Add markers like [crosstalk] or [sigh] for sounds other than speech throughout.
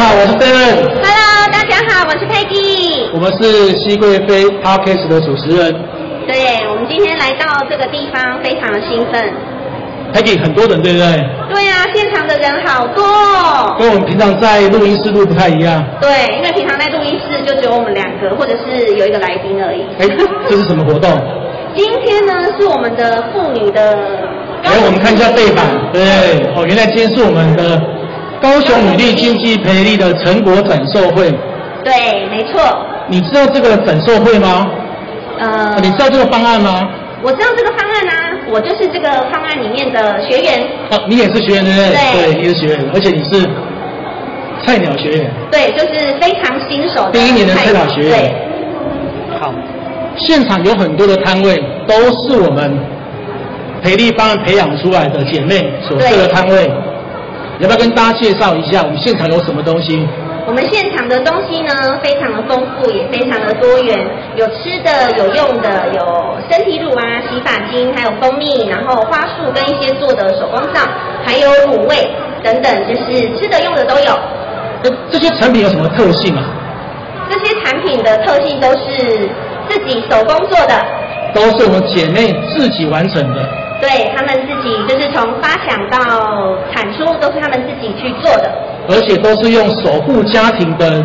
好，我 [noise] 是 Hello，大家好，我是 Peggy。 [noise] 我們是西《熹貴妃》Podcast 的主持人。對 Peki ,，我們今天來到這個地方，非常的興奮。Peggy 很多人，對不對？對啊，現場的人好多、哦。跟我們平常在錄音室錄不太一樣。對，因為平常在錄音室就只有我們兩個，或者是有一個來賓而已。 [noise] 這是什麼活動？ [laughs] 今天呢，是我們的婦女的。來、欸，我們看一下背板。嗯、對，哦，原來今天是我們的。高雄女力經濟培力的成果展售會，對，沒錯。你知道這個展售會嗎？呃，你知道這個方案嗎？我知道這個方案啊，我就是這個方案裡面的學員。哦，你也是學員對對？你是學員，而且你是菜鳥學員。對，就是非常新手的第一年的菜鳥學員。對。好，現場有很多的攤位，都是我們培力方案培養出來的姐妹所設的攤位。要不要跟大家介紹一下我們現場有什麼東西？我們現場的東西呢，非常的豐富，也非常的多元，有吃的、有用的，有身體乳啊、洗髮精，還有蜂蜜，然後花束跟一些做的手工皂，還有滷味等等，就是吃的、用的都有。這些產品有什麼特性啊？這些產品的特性都是自己手工做的，都是我們姐妹自己完成的。對，他們自己就是從發想到產出都是他們自己去做的，而且都是用守護家庭的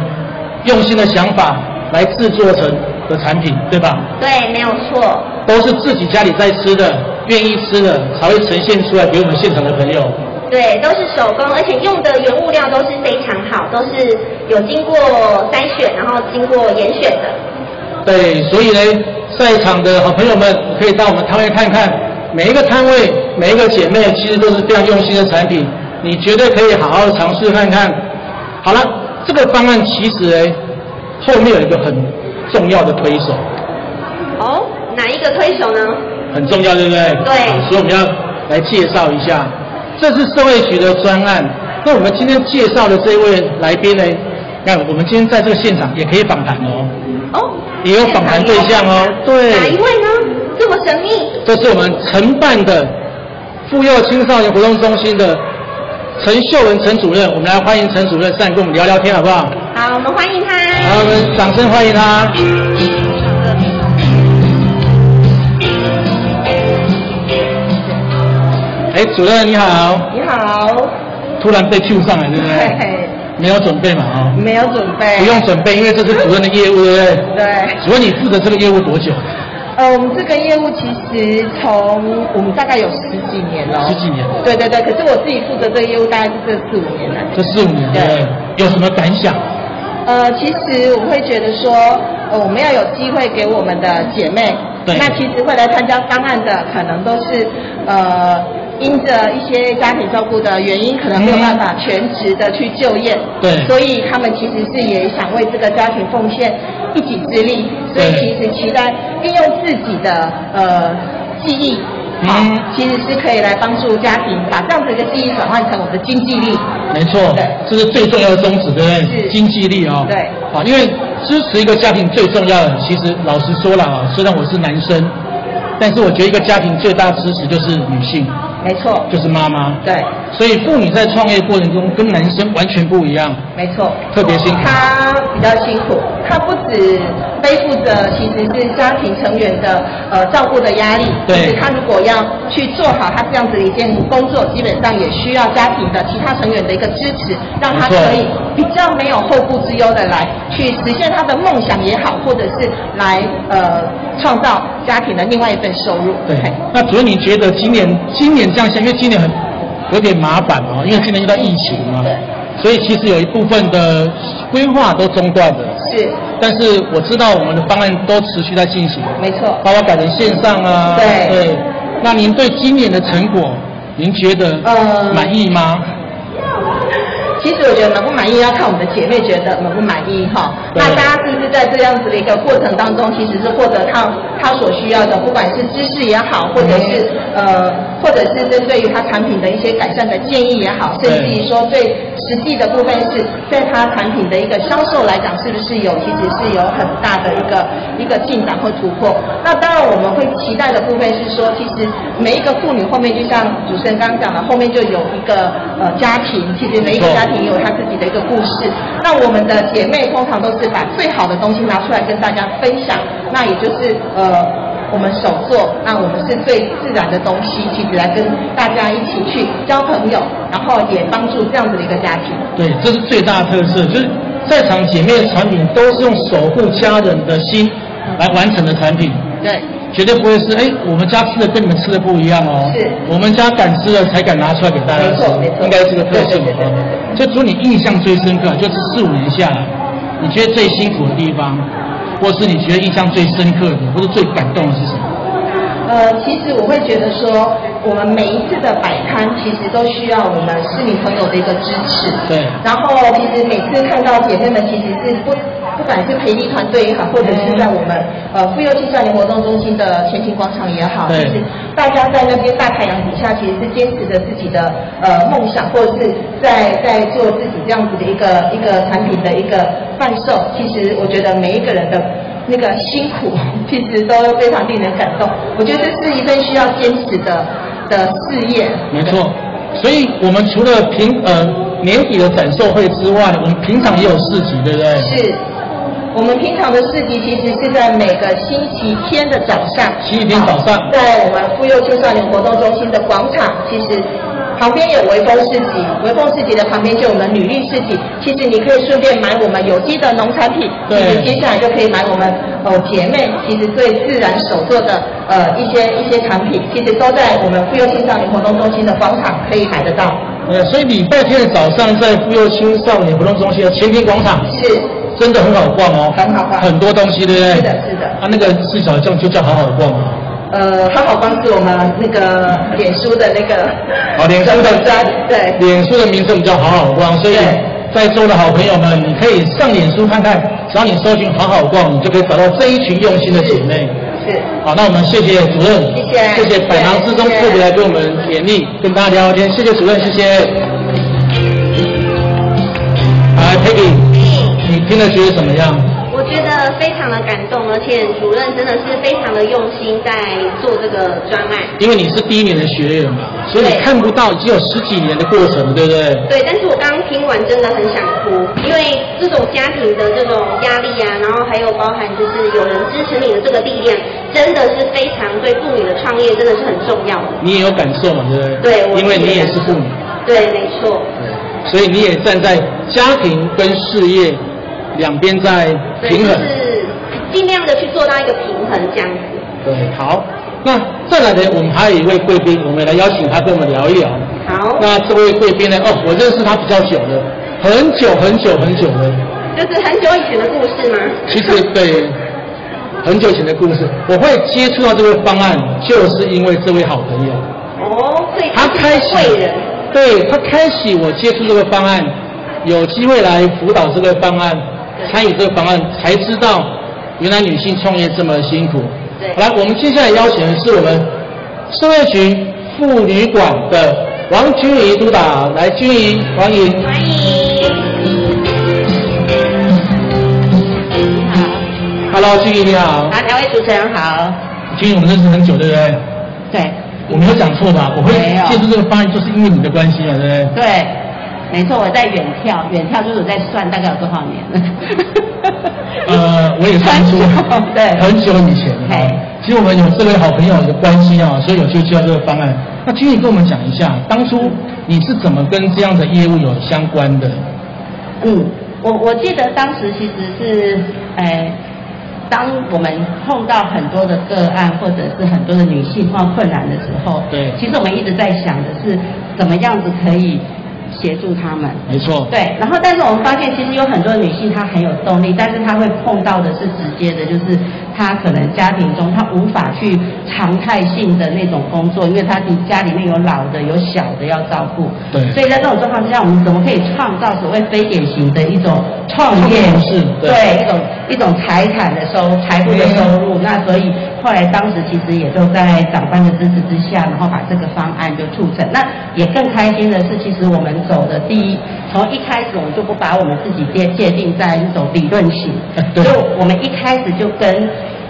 用心的想法來製作成的產品，對吧？對，沒有錯。都是自己家裡在吃的，願意吃的才會呈現出來給我們現場的朋友。對，都是手工，而且用的原物料都是非常好，都是有經過篩選，然後經過嚴選的。對，所以呢，在場的好朋友們可以到我們攤位看看。每一個攤位，每一個姐妹，其實都是非常用心的產品，你絕對可以好好的嘗試看看。好了，這個方案其實哎，後面有一個很重要的推手。哦，哪一個推手呢？很重要，對不對？對。啊，所以我們要來介紹一下，這是社會局的專案。那我們今天介紹的這一位來賓呢，那我們今天在這個現場也可以訪談哦。哦。也有訪談對象哦。哦對。哪一位呢？意，這是我們承辦的婦幼青少年活動中心的陳秀文陳主任，我們來歡迎陳主任，上來跟我們聊聊天好不好？好，我們歡迎他。好，我們掌聲歡迎他。哎，主任你好。你好。突然被 cue 上來對不對？沒有準備嘛？啊，沒有準備。不用準備，因為這是主任的業務對不對？對。主任你負責這個業務多久？呃，我們這個業務其實從我們大概有十幾年了，十幾年了。對對對，可是我自己負責這個業務大概是這四五年了。這四五年。對。有什麼感想？呃，其實我會覺得說，呃，我們要有機會給我們的姐妹，對那其實會來參加方案的，可能都是呃。因着一些家庭照顧的原因，可能沒有辦法全職的去就業，嗯，對，所以他們其實是也想為這個家庭奉獻一己之力，所以其實期待運用自己的呃技藝，好，嗯，其實是可以來幫助家庭，把這樣的一個技藝轉換成我們的經濟力，沒錯，這是最重要的宗旨，對不對？經濟力哦，對，好，因為支持一個家庭最重要的，其實老實說了啊，雖然我是男生，但是我覺得一個家庭最大的支持就是女性。沒錯，就是媽媽。對。所以，婦女在創業過程中跟男生完全不一樣。沒錯，特別辛苦。她比較辛苦，她不止背負着其實是家庭成員的呃照顧的壓力。對。其、就是她如果要去做好她這樣子的一件工作，基本上也需要家庭的其他成員的一個支持，讓她可以比較沒有後顧之憂的來去實現她的夢想也好，或者是來呃創造家庭的另外一份收入。對。對那主任，你覺得今年今年這樣子，因為今年很。有點麻煩哦，因為今年遇到疫情嘛，所以其實有一部分的規劃都中斷了。是，但是我知道我們的方案都持續在進行。沒錯，包括改成線上啊。嗯、對對，那您對今年的成果，您覺得滿意嗎？嗯其實我覺得滿不滿意要看我們的姐妹覺得滿不滿意哈。那大家是不是在這樣子的一個過程當中，其實是獲得他他所需要的，不管是知識也好，或者是呃，或者是針對於他產品的一些改善的建議也好，甚至於說對。對實際的部分是在它產品的一個銷售來講，是不是有其實是有很大的一個一個進展或突破？那當然我們會期待的部分是說，其實每一個婦女後面，就像主持人剛剛講的，後面就有一個呃家庭。其實每一個家庭也有他自己的一個故事。那我們的姐妹通常都是把最好的東西拿出來跟大家分享，那也就是呃。我們手做，那我們是最自然的東西，其實來跟大家一起去交朋友，然後也幫助這樣子的一個家庭。對，這是最大的特色，就是在場姐妹的產品都是用守護家人的心來完成的產品。嗯、對，絕對不會是哎，我們家吃的跟你們吃的不一樣哦。是，我們家敢吃了才敢拿出來給大家吃，應該是個特性。就從你印象最深刻，就是四五年下來，你覺得最辛苦的地方？或是你覺得印象最深刻的，或是最感動的是什麼？呃，其實我會覺得說，我們每一次的擺攤，其實都需要我們市民朋友的一個支持。對。然後，其實每次看到姐妹們，其實是不。不管是培力團隊也好，或者是在我們、嗯、呃婦幼青少年活動中心的前行廣場也好，對，就是大家在那邊大太陽底下，其實是堅持着自己的呃夢想，或者是在在做自己這樣子的一個一個產品的一個販售。其實我覺得每一個人的那個辛苦，其實都非常令人感動。我覺得這是一份需要堅持的的事業。沒錯，所以我們除了平呃年底的展售會之外，我們平常也有市集，對不對？是。我們平常的市集其實是在每個星期天的早上，星期天早上、呃，在我們婦幼青少年活動中心的廣場，其實旁邊有微風市集，微風市集的旁邊就我們女力市集，其實你可以順便買我們有機的農產品。對，其實接下來就可以買我們呃姐妹，其實最自然手做的呃一些一些產品，其實都在我們婦幼青少年活動中心的廣場可以買得到。呃，所以禮拜天的早上在婦幼青少年活動中心的前庭廣場。是。真的很好逛哦，很好逛，很多東西對不對？是的，是的。他、啊、那個是小將，就叫好好逛嘛。呃，好好逛是我們那個臉書的那個。好、哦，臉書的臉書的名字比較好好逛，所以在座的好朋友們，你可以上臉書看看，只要你搜尋好好逛，你就可以找到這一群用心的姐妹。是。是好，那我們謝謝主任，謝謝，謝謝百忙之中特別來給我們勉勵，跟大家聊天，謝謝主任，謝謝。現在覺得怎麼樣？我覺得非常的感動，而且主任真的是非常的用心在做這個專案。因為你是第一年的學員嘛，所以你看不到已經有十幾年的過程，對不對？對，但是我剛剛聽完真的很想哭，因為這種家庭的這種壓力啊，然後還有包含就是有人支持你的這個力量，真的是非常對婦女的創業真的是很重要的。你也有感受嘛，對不對？對，因為你也是婦女。對，沒錯。對，所以你也站在家庭跟事業兩邊在平衡，就是盡量的去做到一個平衡這樣子。對，好。那再來呢，我們還有一位貴賓，我們也來邀請他跟我們聊一聊。好。那這位貴賓呢？哦，我認識他比較久了，很久很久很久了。就是很久以前的故事嗎？其實對，很久以前的故事。我會接觸到這個方案，就是因為這位好朋友。哦，對他開始對，他開始我接觸這個方案，有機會來輔導這個方案。參與這個方案才知道，原來女性創業這麼辛苦。對，對，好，來，我們接下來邀請的是我們社會局婦女館的王君怡督導，導，來，君怡，歡迎。歡迎。好、嗯。Hello，君怡你好。好、啊，兩位主持人好。君怡，我們認識很久，對不對？對。我沒有講錯吧？我會借助這個方案，就是因為你的關係啊，對不對？對。沒錯，我在遠眺，遠眺就是我在算大概有多少年了。 [laughs] 呃，我也算出，對，很久以前了。對，其實我們有這位好朋友的關係啊，所以有接觸到這個方案。那請你跟我們講一下，當初你是怎麼跟這樣的業務有相關的？嗯，我我記得當時其實是，哎、呃、當我們碰到很多的個案，或者是很多的女性碰到困難的時候，對，其實我們一直在想的是，怎麼樣子可以。協助他們，沒錯。對，然後但是我們發現，其實有很多女性她很有動力，但是她會碰到的是直接的，就是。他可能家庭中他無法去常態性的那種工作，因為他家裡面有老的、有小的要照顧。對。所以在這種狀況之下，我們怎麼可以創造所謂非典型的一種創業模式？對。對，一種一種財產的收財富的收入。那所以後來當時其實也就在長官的支持之下，然後把這個方案就促成。那也更開心的是，其實我們走的第一，從一開始我們就不把我們自己界界定在一種理論型。對。就我們一開始就跟。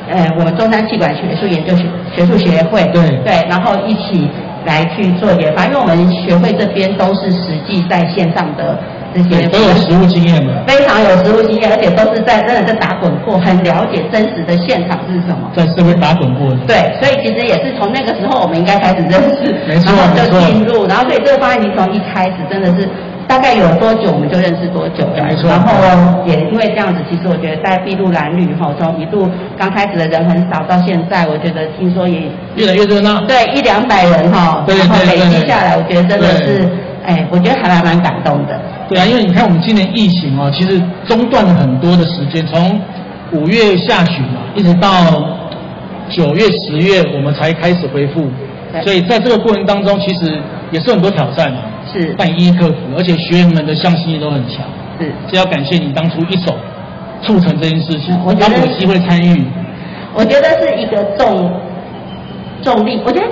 呃、嗯，我們中山氣管學術研究學學術學會，對對，然後一起來去做研發，因為我們學會這邊都是實際在線上的這些，都有實務經驗的，非常有實務經驗，而且都是在真的是打滾過，很了解真實的現場是什麼，在社會打滾過的，對，所以其實也是從那個時候我們應該開始認識，沒錯沒錯，然後就進入，然後所以這個方案你從一開始真的是。大概有多久我們就認識多久，然後也因為這樣子，其實我覺得在秘路藍旅哈，從一度剛開始的人很少，到現在我覺得聽說也越來越熱鬧。對，一兩百人哈、哦，對，然後累積下來，我覺得真的是，哎，我覺得還蠻蠻感動的。對啊，因為你看我們今年疫情哦，其實中斷了很多的時間，從五月下旬嘛，一直到九月十月，10月我們才開始恢復，對，所以在這個過程當中，其實。也是很多挑戰嘛，是，但一一克服，而且學員們的向心力都很強，是，這要感謝你當初一手促成這件事情，嗯、我覺得有機會參與。我覺得是一個重，重力，我覺得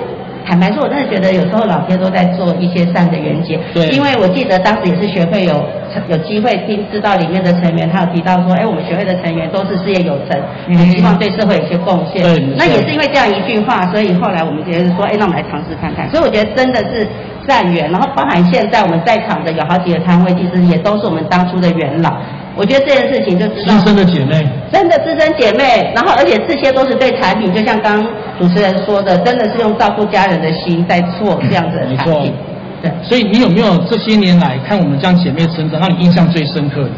坦白說，我真的覺得有時候老天都在做一些善的連接，對，因為我記得當時也是學會有。有機會聽，知道裡面的成員，他有提到說，哎、欸，我們學會的成員都是事業有成，也希望對社會有些貢獻、嗯。那也是因為這樣一句話，所以後來我們覺得說，哎、欸，那我們來嘗試看看。所以我覺得真的是善緣，然後包含現在我們在場的有好幾個攤位，其實也都是我們當初的元老。我覺得這件事情就是資深的姐妹，真的資深姐妹，然後而且這些都是對產品，就像剛主持人說的，真的是用照顧家人的心在做這樣子的產品。嗯所以你有沒有這些年來看我們這樣姐妹成長，讓你印象最深刻的？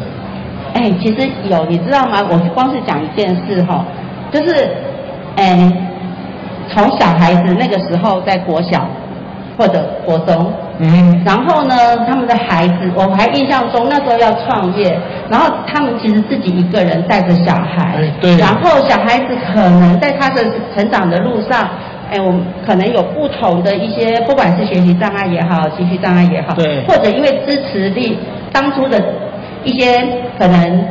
哎、欸，其實有，你知道嗎？我光是講一件事哈、哦，就是哎、欸，從小孩子那個時候在國小或者國中，嗯，然後呢，他們的孩子，我還印象中那時候要創業，然後他們其實自己一個人帶着小孩，欸、對，然後小孩子可能在他的成長的路上。哎，我們可能有不同的一些，不管是學習障礙也好，情緒障礙也好，對，或者因為支持力當初的一些可能，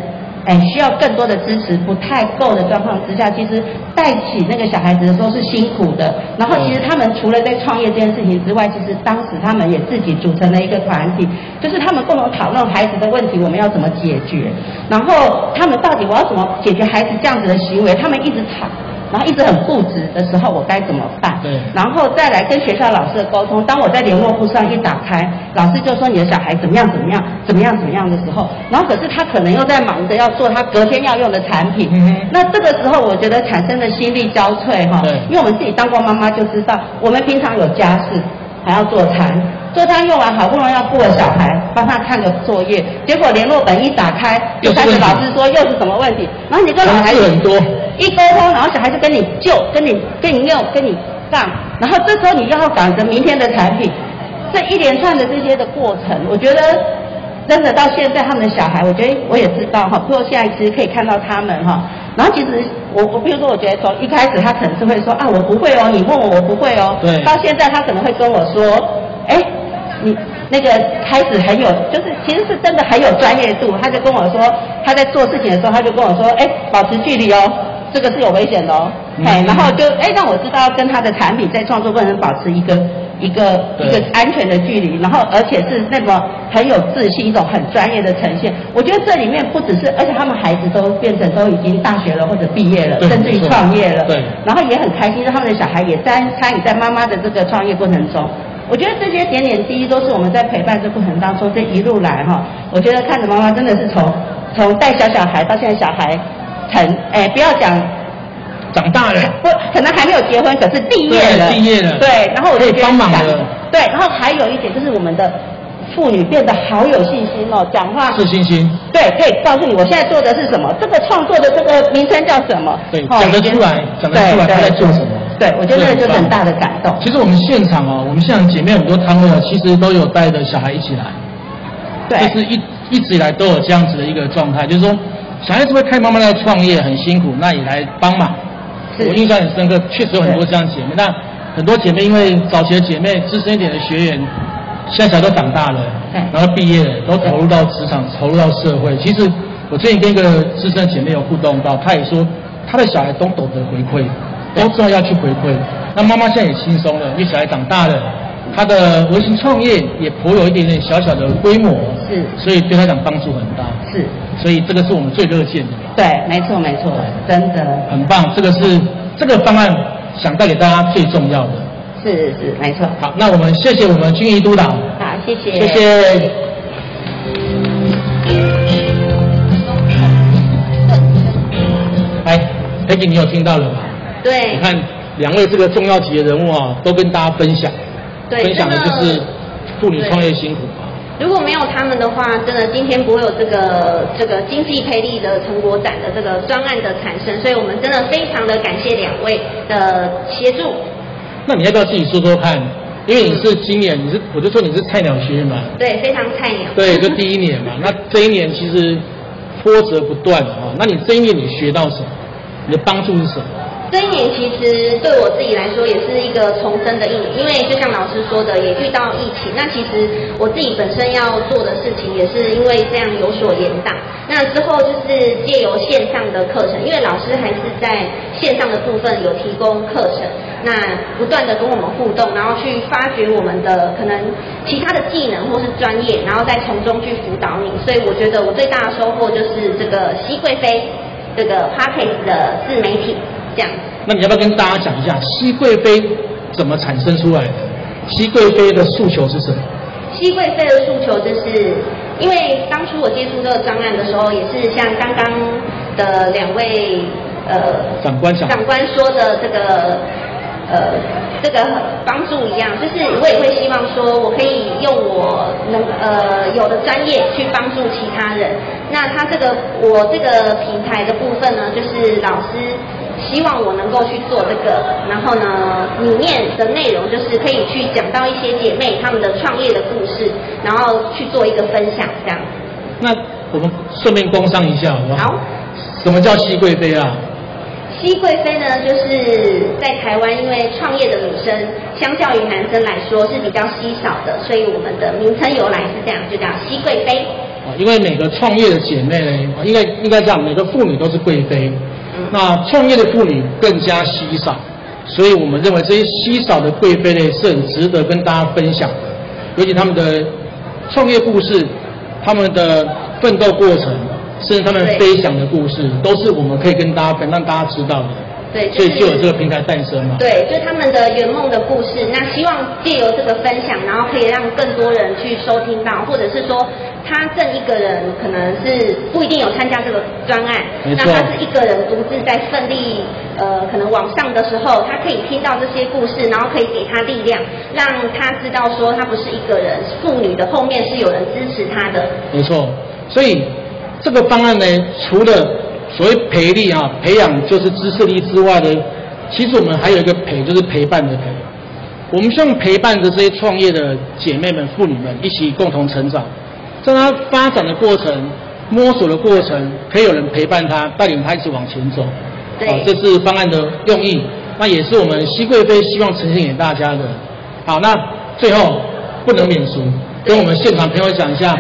哎，需要更多的支持，不太夠的狀況之下，其實帶起那個小孩子的時候是辛苦的。然後其實他們除了在創業，嗯，業這件事情之外，其實當時他們也自己組成了一個團體，就是他們共同討論孩子的問題，我們要怎麼解決，然後他們到底我要怎麼解決孩子這樣子的行為，他們一直吵。然後一直很固執的時候，我該怎麼辦？對，然後再來跟學校老師的溝通。當我在聯絡簿上一打開，老師就說你的小孩怎麼樣怎麼樣怎麼樣怎麼樣的時候，然後可是他可能又在忙着要做他隔天要用的產品。嗯嗯。那這個時候我覺得產生的心力交瘁哈。因為我們自己當過媽媽就知道，我們平常有家事還要做餐，做餐用完好不容易要顧了小孩，幫他看個作業，結果聯絡本一打開，有就開始老師說又是什麼問題？然後你說老，老師很多。一溝通，然後小孩就跟你拗、跟你、跟你用，跟你槓，然後這時候你又要趕着明天的產品，這一連串的這些的過程，我覺得真的到現在他們的小孩，我覺得我也知道哈。不過現在其實可以看到他們哈。然後其實我我比如說，我覺得從一開始他可能是會說啊，我不會哦，你問我我不會哦。對。到現在他可能會跟我說，哎、欸，你那個開始很有，就是其實是真的很有專業度。他就跟我說，他在做事情的時候，他就跟我說，哎、欸，保持距離哦。這個是有危險的哦。哎、嗯，然後就哎讓我知道跟他的產品在創作過程保持一個一個一個安全的距離，然後而且是那麼很有自信，一種很專業的呈現。我覺得這裡面不只是，而且他們孩子都變成都已經大學了或者畢業了，甚至於創業了，對，然後也很開心，他們的小孩也在參與在媽媽的這個創業過程中。我覺得這些點點滴滴都是我們在陪伴這過程當中這一路來哈，我覺得看着媽媽真的是從從帶小小孩到現在小孩。成，哎，不要講，長大了不，可能還沒有結婚，可是畢業了，畢業了，對，然後我也幫忙了，對，然後還有一點就是我們的婦女變得好有信心哦，講話是信心，對，可以告訴你，我現在做的是什麼，這個創作的這個名稱叫什麼，對，哦、講得出來，講得出來他在做什麼，對，對對對對對我覺得這就是很大的感動。其實我們現場哦，我們現場姐妹很多攤位，哦，攤位其實都有帶着小孩一起來，對，就是一一直以來都有這樣子的一個狀態，就是說。小孩是不是看媽媽在創業很辛苦，那也來幫忙。我印象很深刻，確實有很多這樣的姐妹。那很多姐妹因為早期的姐妹資深一點的學員，現在小孩都長大了，然後畢業了，都投入到職場，投入到社會。其實我最近跟一個資深的姐妹有互動到，到她也說，她的小孩都懂得回饋，都知道要去回饋。那媽媽現在也輕鬆了，因為小孩長大了。他的微型創業也頗有一點點小小的規模，是，所以對他講幫助很大，是，所以這個是我們最樂見的，對，沒錯沒錯，真的，很棒，這個是這個方案想帶給大家最重要的，是是是，沒錯，好，那我們謝謝我們君儀督導，好謝謝，謝謝。哎 Peggy [coughs] 你有聽到了嗎？對，你看兩位這個重要級的人物啊、哦，都跟大家分享。對，分享的就是婦女創業辛苦啊！如果沒有他們的話，真的今天不會有這個這個經濟培力的成果展的這個專案的產生，所以我們真的非常的感謝兩位的協助。那你要不要自己說說看？因為你是今年，你是我就說你是菜鳥學員嘛？對，非常菜鳥。對，就第一年嘛。那這一年其實波折不斷啊。那你這一年你學到什麼？你的幫助是什麼？這一年其實對我自己來說也是一個重生的一年，因為就像老師說的，也遇到疫情。那其實我自己本身要做的事情也是因為這樣有所延宕。那之後就是借由線上的課程，因為老師還是在線上的部分有提供課程，那不斷的跟我們互動，然後去發掘我們的可能其他的技能或是專業，然後再從中去輔導你。所以我覺得我最大的收穫就是這個熹貴妃這個 Podcast 的自媒體。這樣，那你要不要跟大家講一下熹貴妃怎麼產生出來的？熹貴妃的訴求是什麼？熹貴妃的訴求就是，因為當初我接觸這個專案的時候，也是像剛剛的兩位呃長官長官說的這個呃這個幫助一樣，就是我也會希望說我可以用我能呃有的專業去幫助其他人。那他這個我這個平台的部分呢，就是老師。希望我能夠去做這個，然後呢，裡面的內容就是可以去講到一些姐妹她們的創業的故事，然後去做一個分享，這樣。那我們順便工商一下，好不好？好。什麼叫西貴妃啊？西貴妃呢，就是在台灣，因為創業的女生相較於男生來說是比較稀少的，所以我們的名稱由來是這樣，就叫西貴妃。因為每個創業的姐妹呢，應該應該這樣，每個婦女都是貴妃。那創業的婦女更加稀少，所以我們認為這些稀少的貴妃類是很值得跟大家分享的，尤其她們的創業故事、她們的奮鬥過程，甚至她們飛翔的故事，都是我們可以跟大家分，讓大家知道的。對就是、所以就有這個平台誕生嘛。對，就他們的圓夢的故事。那希望借由這個分享，然後可以讓更多人去收聽到，或者是說，他正一個人，可能是不一定有參加這個專案，那他是一個人獨自在奮力呃，可能往上的時候，他可以聽到這些故事，然後可以給他力量，讓他知道說他不是一個人，婦女的後面是有人支持他的。沒錯。所以這個方案呢，除了所謂培力啊，培養就是知識力之外的，其實我們還有一個陪，就是陪伴的陪。我們希望陪伴着這些創業的姐妹們、婦女們，一起共同成長，在她發展的過程、摸索的過程，可以有人陪伴她，帶領她一起往前走。好、哦，這是方案的用意，那也是我們熹貴妃希望呈現給大家的。好，那最後不能免俗，跟我們現場朋友講一下，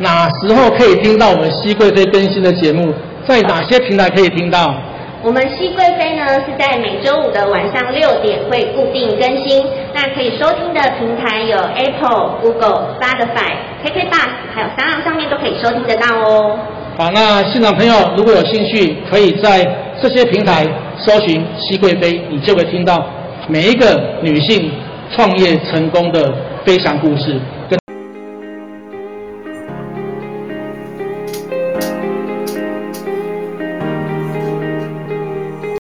哪時候可以聽到我們熹貴妃更新的節目？在哪些平台可以聽到？我們《西貴妃》呢是在每周五的晚上六點會固定更新，那可以收聽的平台有 Apple、Google、Spotify、KKBox，還有 SoundOn 上面都可以收聽得到哦。好，那現場朋友如果有興趣，可以在這些平台搜尋《西貴妃》，你就會聽到每一個女性創業成功的分享故事。跟